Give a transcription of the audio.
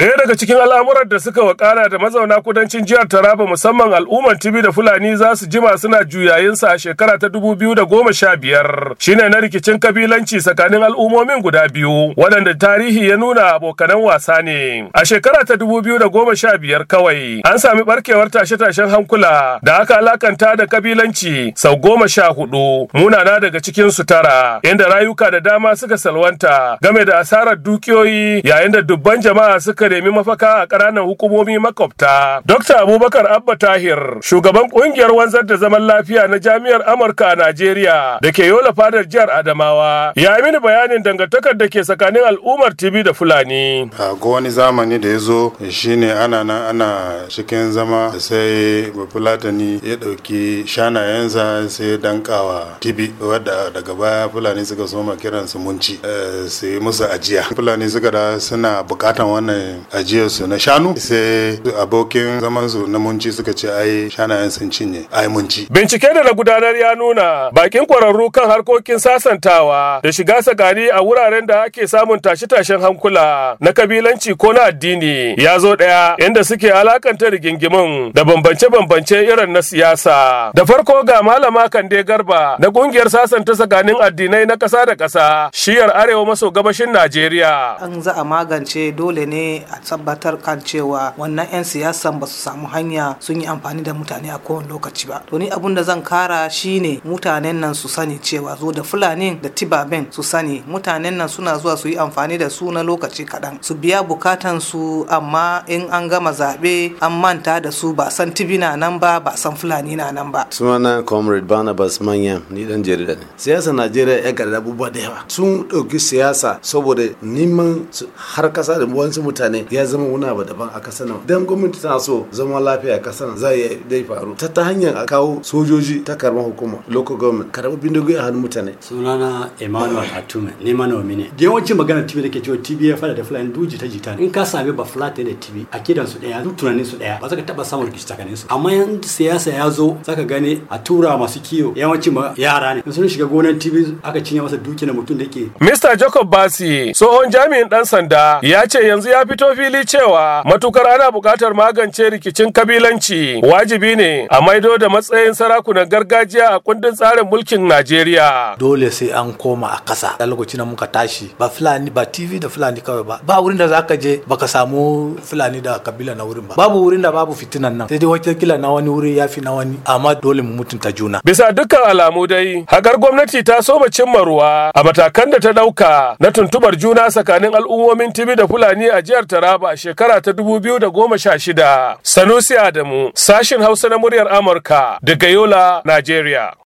Ɗaya daga cikin al'amuran da suka wakana da mazauna kudancin jihar Taraba musamman al'umman Tibi da Fulani za su jima suna juyayin juyayinsa a shekara ta dubu biyu da goma sha biyar shine na rikicin kabilanci tsakanin al'ummomin guda biyu waɗanda tarihi ya nuna abokanan wasa ne. A shekara ta dubu biyu da goma sha biyar kawai an sami barkewar tashe-tashen hankula da aka alakanta da kabilanci sau goma sha hudu munana daga cikin su tara inda rayuka da dama suka salwanta game da asarar dukiyoyi yayin da dubban jama'a suka nemi mafaka a ƙananan hukumomi makwabta. Dr. Abubakar Abba Tahir, shugaban ƙungiyar wanzar da zaman lafiya na Jami'ar Amurka a Najeriya da ke yola fadar jihar Adamawa, ya yi mini bayanin dangantakar da ke tsakanin al'ummar TV da Fulani. A ga wani zamani da ya zo shine ana nan ana cikin zama sai Fulatani ya ɗauki shanayensa sai dankawa tibi wadda daga baya Fulani suka soma kiransu munci eh, sai musu ajiya. Fulani suka da suna bukatan wannan ajiyarsu na shanu sai abokin zaman su na munci suka ce ai shanayen sun cinye ai munci. Bincike da na gudanar ya nuna bakin kwararru kan harkokin sasantawa da shiga tsakani a wuraren da ake samun tashe-tashen hankula na kabilanci ko na addini ya zo ɗaya inda suke alakanta rigingimin da bambance-bambance irin na siyasa. Da farko ga malama Kande Garba na kungiyar sasanta tsakanin addinai na ƙasa da ƙasa shiyar arewa maso gabashin Najeriya. An za a magance dole ne a tabbatar kan cewa wannan 'yan siyasan ba su samu hanya sun yi amfani da mutane a kowane lokaci ba to ni abun da zan kara shine mutanen nan su sani cewa zo da fulani da tibaben su sani mutanen nan suna zuwa su yi amfani da su na lokaci kaɗan su biya bukatan su amma in an gama zaɓe an manta da su ba san tibina na nan ba ba san fulani na nan ba sunana comrade barnabas manya ni dan jarida ne siyasa najeriya ya garda abubuwa da yawa sun ɗauki siyasa saboda neman har kasa da wasu mutane mutane ya zama wani abu daban a kasar nan dan gwamnati tana so zama lafiya a kasar nan a dai faru ta ta hanyar a kawo sojoji ta karɓar hukuma local government karɓar bindigogi a hannun mutane sunana emmanuel hatume ne manomi ne da yawancin magana tv da ke cewa tv ya fada da fulani duji ta jita in ka sami ba ne da tv a kidan su daya duk tunanin su daya ba za ka taba samun rikici tsakanin su amma yan siyasa ya zo za ka gane a tura masu kiyo yawancin yara ne sun shiga gonan tv aka cinye masa duki na mutum da ke mr jacob basi tsohon jami'in dan sanda ya ce yanzu ya fi fito fili cewa matukar ana buƙatar magance rikicin kabilanci wajibi ne a maido da matsayin sarakunan gargajiya a kundin tsarin mulkin Najeriya. Dole sai an koma a ƙasa. Da lokacin da muka tashi ba Fulani ba TV da Fulani kawai ba. Ba wurin da za ka je baka samu Fulani da kabila na wurin ba. Babu wurin da babu fitinan nan. Sai dai kila na wani wuri ya fi na wani amma dole mu mutunta juna. Bisa dukkan alamu dai hakar gwamnati ta so cimma ruwa a matakan da ta ɗauka na tuntubar juna tsakanin al'ummomin TV da Fulani a jihar Taraba a shekara ta dubu biyu da goma sha shida, Sanusi Adamu, sashin Hausa na muryar Amurka daga Yola, Najeriya.